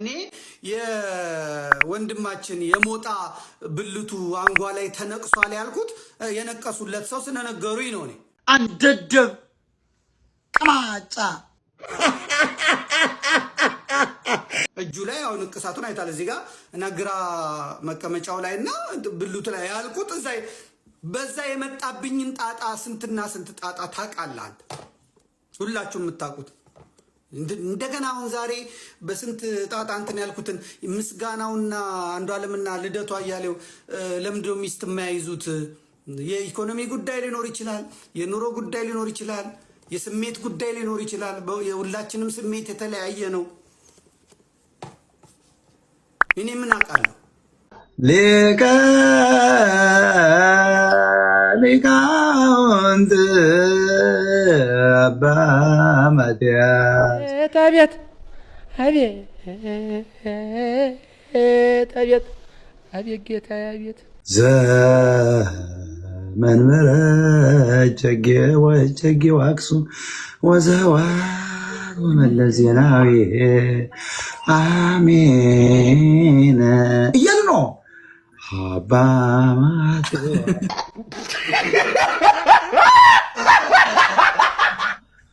እኔ የወንድማችን የሞጣ ብልቱ አንጓ ላይ ተነቅሷል ያልኩት የነቀሱለት ሰው ስለነገሩኝ ነው። እኔ አንደደብ ቅማጫ እጁ ላይ አሁን እንቅሳቱን አይታል። እዚህ ጋር ነግራ መቀመጫው ላይ እና ብልቱ ላይ ያልኩት እዛ በዛ የመጣብኝን ጣጣ ስንትና ስንት ጣጣ ታውቃለህ። ሁላችሁ የምታውቁት እንደገና አሁን ዛሬ በስንት ጣጣ እንትን ያልኩትን ምስጋናውና አንዷለምና ልደቱ ልደቷ ለምንድን ነው ሚስት የማያይዙት? የኢኮኖሚ ጉዳይ ሊኖር ይችላል። የኑሮ ጉዳይ ሊኖር ይችላል። የስሜት ጉዳይ ሊኖር ይችላል። የሁላችንም ስሜት የተለያየ ነው። እኔ ምን አውቃለሁ? በመድያት አቤት አቤት አቤት አቤት ጌታ አቤት ዘመን ምረት ጨጌ ወጨጌ ዋክሱም ወዘዋሩ መለስ ዜናዊ አሜን እያሉ ነው። አባማት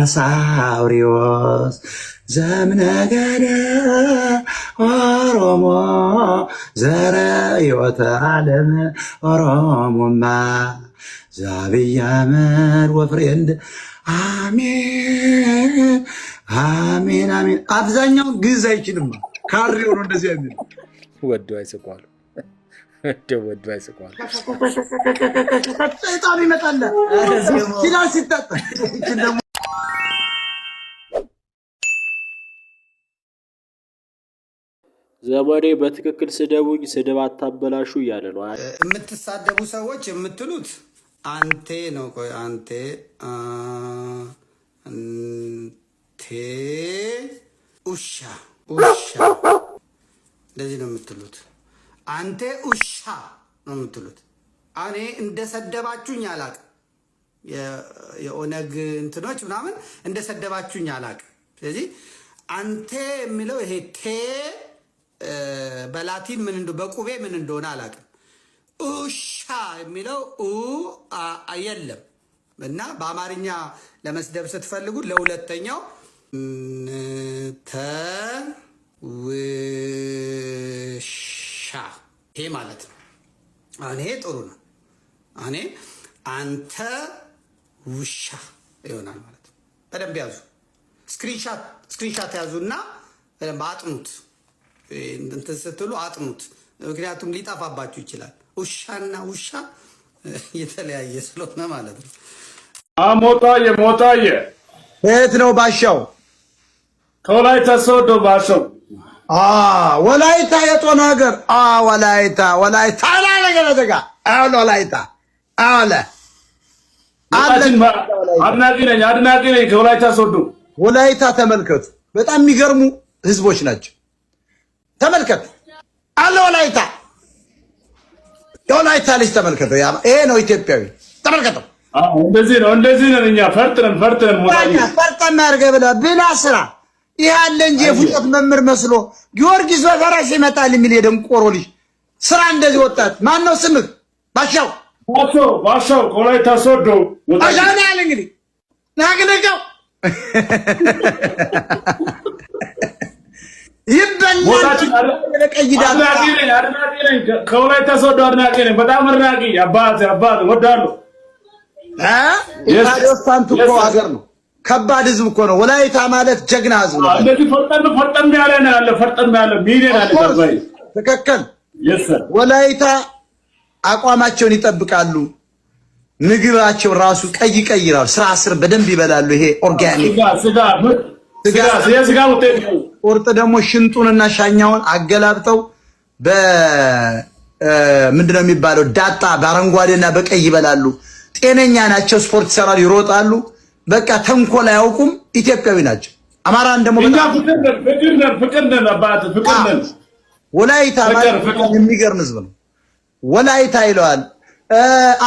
አሳውሪዎስ ዘምነገደ ኦሮሞ ዘረ ሕይወተ ዓለም ኦሮሞማ ዛብያ ወፍሬንድ አሜን አሜን አሜን። አብዛኛው ግዕዝ አይችልም ካሪ ሆኖ እንደዚህ የሚል ወዶ አይስቋል ወዶ ወዶ አይስቋል። ይመጣለ ሲላን ሲታጠ ደግሞ ዘመዴ በትክክል ስደቡኝ፣ ስድብ አታበላሹ እያለ ነው። የምትሳደቡ ሰዎች የምትሉት አንቴ ነው። ቆይ አንቴ አንቴ ኡሻ ኡሻ እንደዚህ ነው የምትሉት። አንቴ ኡሻ ነው የምትሉት። እኔ እንደሰደባችሁኝ አላቅ። የኦነግ እንትኖች ምናምን እንደሰደባችሁኝ አላቅ። ስለዚህ አንቴ የሚለው ይሄ ቴ በላቲን ምን እንደሆነ በቁቤ ምን እንደሆነ አላውቅም። ኡሻ የሚለው የለም እና በአማርኛ ለመስደብ ስትፈልጉ ለሁለተኛው ተውሻ ይሄ ማለት ነው። አሁን ይሄ ጥሩ ነው። እኔ አንተ ውሻ ይሆናል ማለት ነው። በደንብ ያዙ። ስክሪንሻት ያዙና በደንብ አጥኑት። እንትን ስትሉ አጥኑት። ምክንያቱም ሊጠፋባችሁ ይችላል። ውሻና ውሻ የተለያየ ስለሆነ ማለት ነው። ሞጣዬ ሞጣየ የት ነው ባሻው? ከወላይታ ሶዶ ባሻው ወላይታ የጦና ሀገር ወላይታ ወላይታ ነገረጋ አሁን ወላይታ አለ አድናቂ ነኝ አድናቂ ነኝ። ከወላይታ ሶዶ ወላይታ ተመልከቱ። በጣም የሚገርሙ ህዝቦች ናቸው። ተመልከቱ። አለ ወላይታ የወላይታ ልጅ ተመልከተው። ይሄ ነው ኢትዮጵያዊ። ተመልከተው። እንደዚህ ነው እንደዚህ ነው። እኛ ፈርጥነን ፈርጥነን ፈርጠን አድርገህ ብለ ብላ ስራ ይህ አለ እንጂ የፉጨት መምህር መስሎ ጊዮርጊስ በፈራሽ ይመጣል የሚል የደንቆሮ ልጅ ስራ እንደዚህ ወጣት። ማን ነው ስምህ? ባሻው ባሻው ከወላይታ ሶዶ ባሻው ነው ያለ እንግዲህ ናግነቀው ይበላል። አድናቂ በጣም አድናቂ አባት አባት ወዳሉ ከባድ ህዝብ እኮ ነው። ወላይታ ማለት ጀግና ህዝብ ነው። እንደዚህ ፈርጠም ፈርጠም ያለ ነው ያለ ፈርጠም ያለ ሚሊዮን አለ ታባይ ትክክል። ወላይታ አቋማቸውን ይጠብቃሉ። ምግባቸው ራሱ ቀይ ቀይ ራሱ ስራ ስር በደንብ ይበላሉ። ይሄ ኦርጋኒክ ቁርጥ ደግሞ ሽንጡንና ሻኛውን አገላብጠው በምንድን ነው የሚባለው ዳጣ በአረንጓዴና በቀይ ይበላሉ። ጤነኛ ናቸው። ስፖርት ይሰራሉ፣ ይሮጣሉ። በቃ ተንኮል አያውቁም። ኢትዮጵያዊ ናቸው። አማራን ደግሞ ወላይታ የሚገርም ህዝብ ነው። ወላይታ ይለዋል።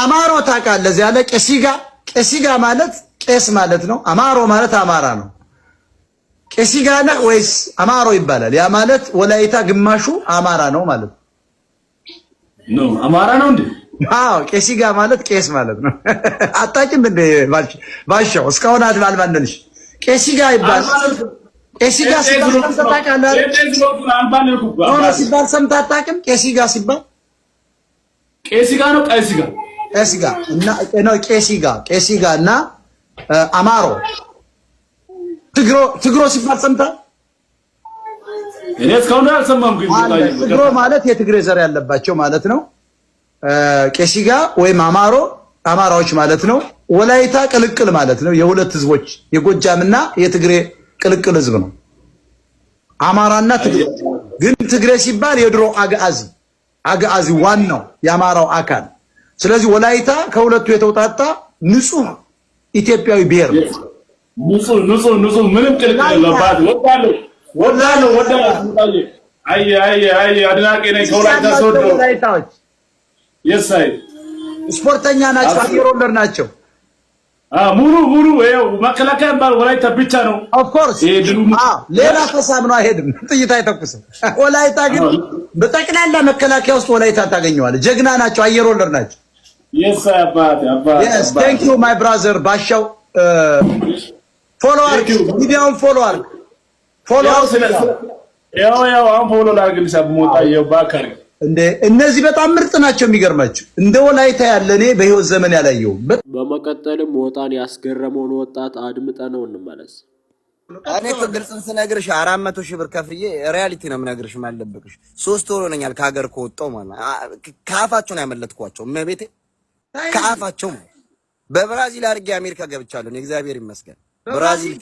አማሮ ታውቃለህ? እዚያ ያለ ቄሲጋ ቄሲጋ ማለት ቄስ ማለት ነው። አማሮ ማለት አማራ ነው። ቄሲጋና ወይስ አማሮ ይባላል? ያ ማለት ወላይታ ግማሹ አማራ ነው ማለት ነው። አማራ ነው እንዴ? አዎ፣ ቄሲጋ ማለት ቄስ ማለት ነው። አታውቂም እንዴ ባሻው? እስካሁን አልባልባነልሽ። ቄሲጋ ይባላል። ቄሲጋ ሲባል ታውቃለህ? ሆነ ሲባል ሰምተህ አታውቅም? ቄሲጋ ሲባል ቄሲጋ ነው። ቄሲጋ ቄሲጋ እና ቄሲጋ ቄሲጋ እና አማሮ ትግሮ ሲባል ሰምታ እኔ እስካሁን አልሰማም። ግን ትግሮ ማለት የትግሬ ዘር ያለባቸው ማለት ነው። ቄሲጋ ወይም አማሮ አማራዎች ማለት ነው። ወላይታ ቅልቅል ማለት ነው። የሁለት ህዝቦች የጎጃምና የትግሬ ቅልቅል ህዝብ ነው። አማራና ትግሬ ግን ትግሬ ሲባል የድሮ አግአዚ አግአዚ ዋናው የአማራው አካል። ስለዚህ ወላይታ ከሁለቱ የተውጣጣ ንጹህ ኢትዮጵያዊ ብሔር ነው። ንጹህ ንጹህ ንጹህ ምንም ጥልቅ የለባት ወዳለሁ ወዳለሁ ወዳለሁ አየ አየ አየ አድናቂ ነኝ ከወላይታ ሶዶ የሳይ ስፖርተኛ ናቸው። አየር ወለድ ናቸው። ሙሉ ሙሉ ይኸው መከላከያ ባል ወላይታ ብቻ ነው። ኦፍ ኮርስ ሌላ ፈሳም ነው አይሄድም፣ ጥይት አይተኩስም። ወላይታ ግን በጠቅላላ መከላከያ ውስጥ ወላይታ ታገኘዋለህ። ጀግና ናቸው፣ አየር ወለድ ናቸው። ቴንክ ዩ ማይ ብራዘር ባሻው ፎሎ አርግ፣ ሚዲያውን ፎሎ አርግ። ፎሎ ያው ያው አሁን ፎሎ ላርግ ሊሳብ ሞጣየው ባካር እንደ እነዚህ በጣም ምርጥ ናቸው። የሚገርማቸው እንደ ወላይታ ያለ እኔ በህይወት ዘመን ያላየው። በመቀጠልም ሞጣን ያስገረመውን ወጣት አድምጠ ነው እንመለስ። እኔ እኮ ግልጽን ስነግርሽ አራት መቶ ሺህ ብር ከፍዬ ሪያሊቲ ነው የምነግርሽ፣ የማልደብቅሽ ሶስት ወር ሆነኛል ከሀገር ከወጣሁ ማለት ነው። ያመለጥኳቸው መቤቴ ከአፋቸው በብራዚል አድርጌ አሜሪካ ገብቻለሁ። እግዚአብሔር ይመስገን። ብራዚል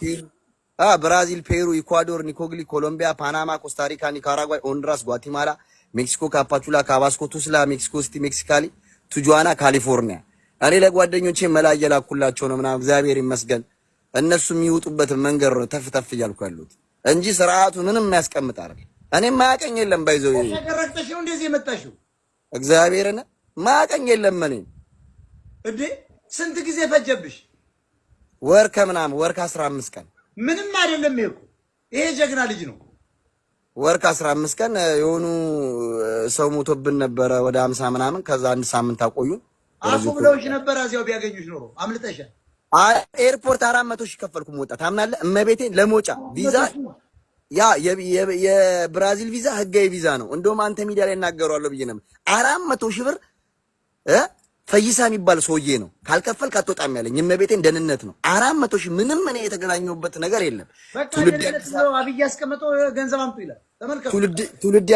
ብራዚል፣ ፔሩ፣ ኢኳዶር፣ ኒኮግሊ፣ ኮሎምቢያ፣ ፓናማ፣ ኮስታሪካ፣ ኒካራጓይ፣ ሆንድራስ፣ ጓቲማላ፣ ሜክሲኮ፣ ካፓቹላ፣ ካባስኮ፣ ቱስላ፣ ሜክሲኮ ሲቲ፣ ሜክሲካሊ፣ ቱጁዋና፣ ካሊፎርኒያ። እኔ ለጓደኞቼ መላ እየላኩላቸው ነው ምናምን እግዚአብሔር ይመስገን። እነሱ የሚወጡበት መንገድ ነው ተፍ ተፍ እያልኩ ያሉት እንጂ ስርዓቱ ምንም የሚያስቀምጥ አይደል። እኔ ማያቀኝ የለም ባይዘው እንደዚህ የመጣሽው እግዚአብሔርን ማያቀኝ የለም እኔ እንዴ ስንት ጊዜ ፈጀብሽ? ወር ከምናምን ወር ከአስራ አምስት ቀን ምንም አይደለም። ይሄ ይሄ ጀግና ልጅ ነው። ወር ከአስራ አምስት ቀን የሆኑ ሰው ሞቶብን ነበረ ወደ አምሳ ምናምን ከዛ አንድ ሳምንት አቆዩ። አፉ ብለውሽ ነበረ እዚያው ቢያገኙሽ ኖሮ አምልጠሻል። ኤርፖርት አራት መቶ ሺህ ከፈልኩም ወጣ ታምናለ። እመቤቴን ለመውጫ ቪዛ ያ የብራዚል ቪዛ ህጋዊ ቪዛ ነው። እንደውም አንተ ሚዲያ ላይ እናገረዋለሁ ብዬ ነበር አራት መቶ ሺህ ብር ፈይሳ የሚባል ሰውዬ ነው። ካልከፈልክ አትወጣም ያለኝ እመቤቴን ደህንነት ነው። አራት መቶ ሺህ ምንም እኔ የተገናኘሁበት ነገር የለም። ትውልድ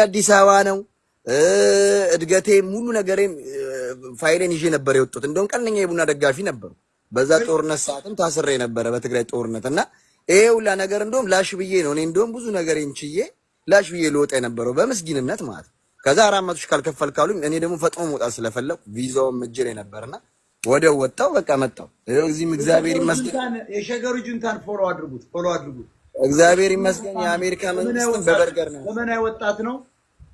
አዲስ አበባ ነው። እድገቴም ሙሉ ነገሬም ፋይሌን ይዤ ነበር የወጡት። እንደውም ቀንደኛ የቡና ደጋፊ ነበሩ። በዛ ጦርነት ሰዓትም ታስሬ የነበረ በትግራይ ጦርነት እና ይሄ ሁላ ነገር እንደውም ላሽ ብዬ ነው እኔ እንደውም ብዙ ነገሬን ችዬ ላሽ ብዬ ልወጣ የነበረው በምስጊንነት ማለት ነው። ከዛ አራት መቶ ሺህ ካልከፈልክ አሉኝ። እኔ ደግሞ ፈጥሞ መውጣት ስለፈለኩ ቪዛውም እጅ ላይ ነበርና ወዲያው ወጣው። በቃ መጣው። እዚህም እግዚአብሔር ይመስገን። የሸገሩ ጁንታን ፎሎ አድርጉት፣ ፎሎ አድርጉት። እግዚአብሔር ይመስገን። የአሜሪካ መንግስትን በበርገር ነው። ዘመናዊ ወጣት ነው።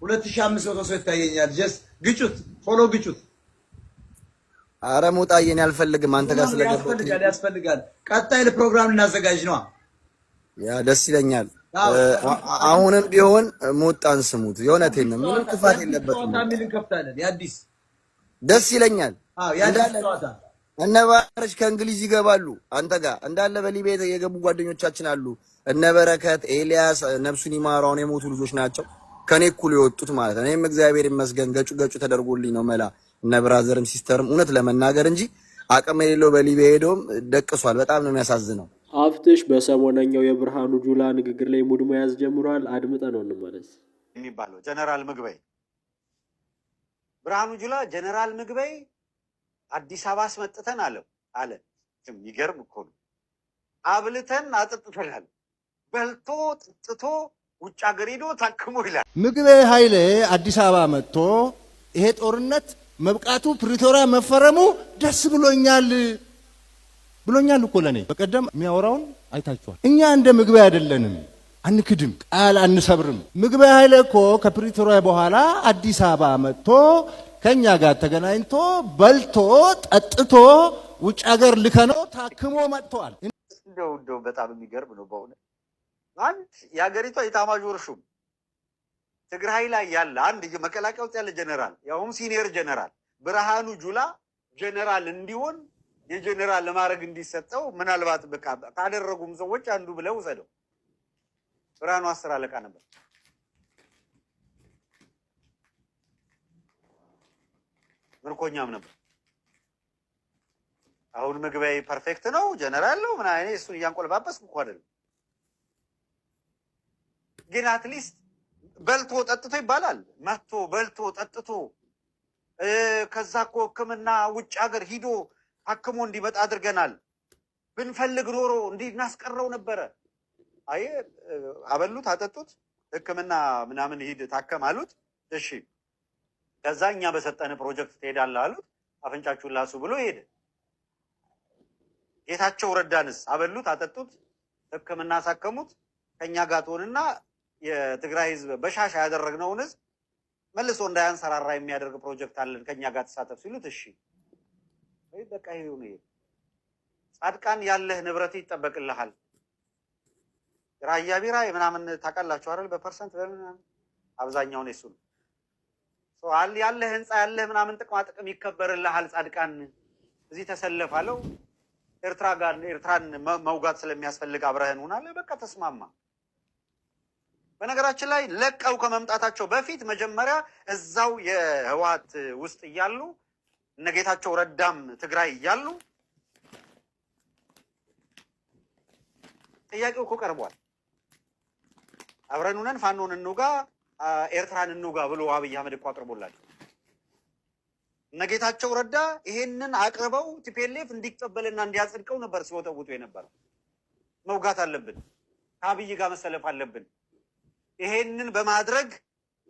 ሁለት ሺህ አምስት መቶ ሰው ይታየኛል። ጀስ ግጩት፣ ፎሎ ግጩት። አረ ሞጣዬን አልፈልግም። አንተ ጋር ስለገባ ያስፈልጋል፣ ቀጣይ ለፕሮግራም ልናዘጋጅ ነው። ያ ደስ ይለኛል። አሁንም ቢሆን ሞጣን ስሙት። የእውነቴን ነው። ምንም ክፋት የለበትም። ደስ ይለኛል። እነ ባረች ከእንግሊዝ ይገባሉ አንተ ጋር እንዳለ በሊቤ የገቡ ጓደኞቻችን አሉ። እነ በረከት ኤልያስ፣ ነብሱን ይማሩ የሞቱ ልጆች ናቸው ከኔ እኩል የወጡት ማለት ነው። እኔም እግዚአብሔር ይመስገን ገጩ ገጩ ተደርጎልኝ ነው መላ። እነ ብራዘርም ሲስተርም እውነት ለመናገር እንጂ አቅም የሌለው በሊቤ ሄዶም ደቅሷል። በጣም ነው የሚያሳዝነው። አፍትሽ በሰሞነኛው የብርሃኑ ጁላ ንግግር ላይ ሙድ መያዝ ጀምሯል። አድምጠ ነው እንመለስ። የሚባለው ጀነራል ምግበይ ብርሃኑ ጁላ ጀነራል ምግበይ አዲስ አበባ አስመጥተን አለው አለ። የሚገርም እኮ ነው። አብልተን አጥጥተናል። በልቶ ጥጥቶ ውጭ ሀገር ሄዶ ታክሞ ይላል። ምግበይ ኃይሌ አዲስ አበባ መጥቶ ይሄ ጦርነት መብቃቱ ፕሪቶሪያ መፈረሙ ደስ ብሎኛል ብሎኛል እኮ ለእኔ በቀደም የሚያወራውን አይታችኋል። እኛ እንደ ምግበ አይደለንም፣ አንክድም፣ ቃል አንሰብርም። ምግበ ኃይለ እኮ ከፕሪቶሪያ በኋላ አዲስ አበባ መጥቶ ከእኛ ጋር ተገናኝቶ በልቶ ጠጥቶ ውጭ ሀገር ልከነው ታክሞ መጥተዋል። እንደው እንደው በጣም የሚገርም ነው በእውነት አንድ የሀገሪቷ የኤታማዦር ሹም ትግራይ ላይ ያለ አንድ መከላከያ ውስጥ ያለ ጀነራል ያውም ሲኒየር ጀነራል ብርሃኑ ጁላ ጀነራል እንዲሆን የጀኔራል ለማድረግ እንዲሰጠው ምናልባት በቃ ካደረጉም ሰዎች አንዱ ብለው ውሰደው። ብርሃኑ አስር አለቃ ነበር። ምርኮኛም ነበር። አሁን ምግባይ ፐርፌክት ነው ጀነራል ነው ምን እኔ እሱን እያንቆለባበስኩ እኮ አይደለም፣ ግን አትሊስት በልቶ ጠጥቶ ይባላል። መቶ በልቶ ጠጥቶ ከዛ እኮ ሕክምና ውጭ ሀገር ሂዶ አክሞ እንዲመጣ አድርገናል። ብንፈልግ ኖሮ እንዲናስቀረው ነበረ። አይ አበሉት፣ አጠጡት፣ ሕክምና ምናምን ሂድ ታከም አሉት። እሺ ከዛ እኛ በሰጠን ፕሮጀክት ትሄዳለህ አሉት። አፍንጫችሁን ላሱ ብሎ ሄደ። ጌታቸው ረዳንስ አበሉት፣ አጠጡት፣ ሕክምና አሳከሙት። ከእኛ ጋር ትሆንና የትግራይ ህዝብ በሻሻ ያደረግነውን ህዝብ መልሶ እንዳያንሰራራ የሚያደርግ ፕሮጀክት አለን ከእኛ ጋር ተሳተፍ ሲሉት እሺ ወይ በቃ ይሄው ነው። ጻድቃን ያለህ ንብረት ይጠበቅልሃል። ራያ ቢራ ምናምን ታውቃላችሁ አይደል? በፐርሰንት በምናምን አብዛኛውን የሱ ነው። ያለህ ህንፃ ያለህ ምናምን ጥቅማ ጥቅም ይከበርልሃል። ጻድቃን እዚህ ተሰለፋለው ኤርትራ ጋር ኤርትራን መውጋት ስለሚያስፈልግ አብረህን ሆናለ። በቃ ተስማማ። በነገራችን ላይ ለቀው ከመምጣታቸው በፊት መጀመሪያ እዛው የህወሓት ውስጥ እያሉ እነ ጌታቸው ረዳም ትግራይ እያሉ ጥያቄው እኮ ቀርቧል። አብረን ሁነን ፋኖን እንውጋ፣ ኤርትራን እንውጋ ብሎ አብይ አህመድ እኮ አቅርቦላቸው እነ ጌታቸው ረዳ ይሄንን አቅርበው ቲፔሌፍ እንዲቀበልና እንዲያጸድቀው ነበር ሲወጠውጡ የነበረው። መውጋት አለብን፣ ከአብይ ጋር መሰለፍ አለብን። ይሄንን በማድረግ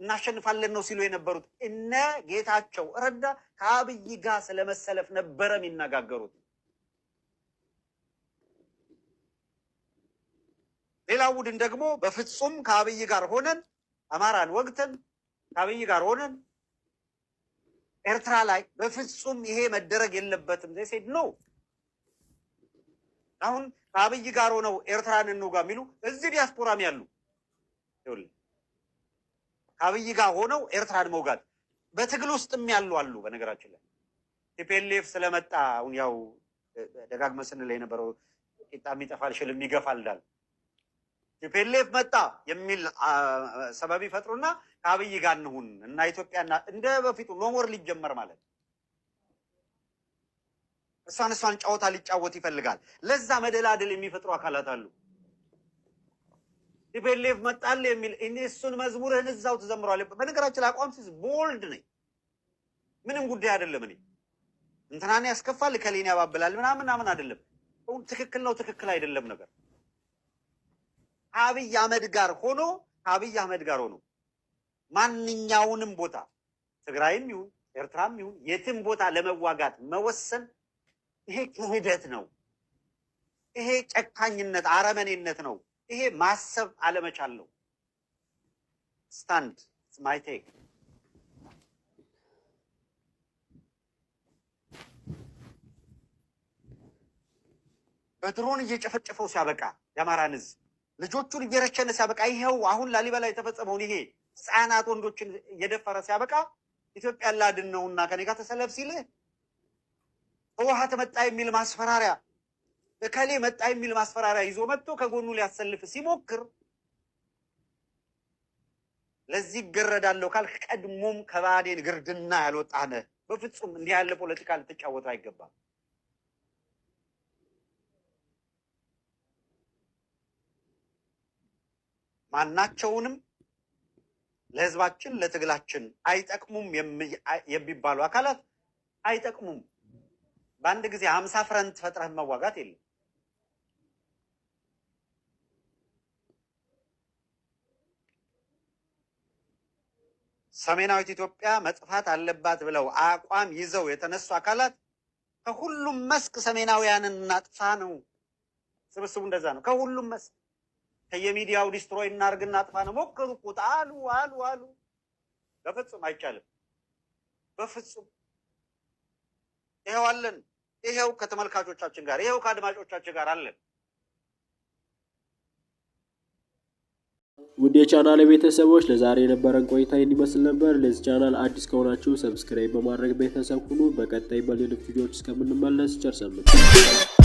እናሸንፋለን ነው ሲሉ የነበሩት እነ ጌታቸው ረዳ ከአብይ ጋር ስለመሰለፍ ነበረ የሚነጋገሩት። ሌላ ቡድን ደግሞ በፍጹም ከአብይ ጋር ሆነን አማራን ወግተን ከአብይ ጋር ሆነን ኤርትራ ላይ በፍጹም ይሄ መደረግ የለበትም ሴድ ነው። አሁን ከአብይ ጋር ሆነው ኤርትራን እንውጋ የሚሉ እዚህ ዲያስፖራም ያሉ አብይ ጋር ሆነው ኤርትራን መውጋት በትግል ውስጥም ያሉ አሉ። በነገራችን ላይ ቲፒኤልኤፍ ስለመጣ አሁን ያው ደጋግመ ስንል የነበረው ቂጣ የሚጠፋል ሽልም ይገፋል እንዳል ቲፒኤልኤፍ መጣ የሚል ሰበብ ይፈጥሩና ከአብይ ጋር እንሁን እና ኢትዮጵያና እንደ በፊቱ ኖሞር ሊጀመር ማለት እሷን እሷን ጨዋታ ሊጫወት ይፈልጋል። ለዛ መደላደል የሚፈጥሩ አካላት አሉ። ቲፒኤልኤፍ መጣል የሚል እሱን መዝሙርህን እዛው ትዘምረዋለህ። በነገራችን አቋም ሲዝ ቦልድ ነኝ። ምንም ጉዳይ አይደለም። እኔ እንትናን ያስከፋል፣ ከሌን ያባብላል ምናምን ምናምን አይደለም። ትክክል ነው፣ ትክክል አይደለም ነገር ከአብይ አህመድ ጋር ሆኖ ከአብይ አህመድ ጋር ሆኖ ማንኛውንም ቦታ ትግራይም ይሁን ኤርትራም ይሁን የትም ቦታ ለመዋጋት መወሰን ይሄ ክህደት ነው። ይሄ ጨካኝነት፣ አረመኔነት ነው። ይሄ ማሰብ አለመቻል ነው። ስታንድ ማይቴክ በድሮን እየጨፈጨፈው ሲያበቃ የአማራን ህዝብ ልጆቹን እየረሸነ ሲያበቃ ይሄው አሁን ላሊበላ የተፈጸመውን ይሄ ህፃናት ወንዶችን እየደፈረ ሲያበቃ ኢትዮጵያን ላድን ነውና ከኔ ጋር ተሰለፍ ሲልህ ህወሓት መጣ የሚል ማስፈራሪያ እከሌ መጣ የሚል ማስፈራሪያ ይዞ መጥቶ ከጎኑ ሊያሰልፍ ሲሞክር ለዚህ ይገረዳለሁ ካልክ ቀድሞም ከባዴን ግርድና ያልወጣነ በፍጹም እንዲህ ያለ ፖለቲካ ልትጫወተው አይገባም። ማናቸውንም ለህዝባችን ለትግላችን አይጠቅሙም የሚባሉ አካላት አይጠቅሙም። በአንድ ጊዜ አምሳ ፍረንት ፈጥረህ መዋጋት የለም። ሰሜናዊት ኢትዮጵያ መጥፋት አለባት ብለው አቋም ይዘው የተነሱ አካላት ከሁሉም መስክ ሰሜናውያንን እናጥፋ ነው። ስብስቡ እንደዛ ነው። ከሁሉም መስክ ከየሚዲያው ዲስትሮይ እናርግ እናጥፋ ነው። ሞከሩ ቁጥ አሉ አሉ አሉ። በፍጹም አይቻልም። በፍጹም ይኸው አለን። ይኸው ከተመልካቾቻችን ጋር ይኸው ከአድማጮቻችን ጋር አለን። ውድ የቻናል ቤተሰቦች ለዛሬ የነበረን ቆይታ ይመስል ነበር። ለዚህ ቻናል አዲስ ከሆናችሁ ሰብስክራይብ በማድረግ ቤተሰብ ሁኑ። በቀጣይ በሌሎች ቪዲዮዎች እስከምንመለስ ቸር ሰንብቱ።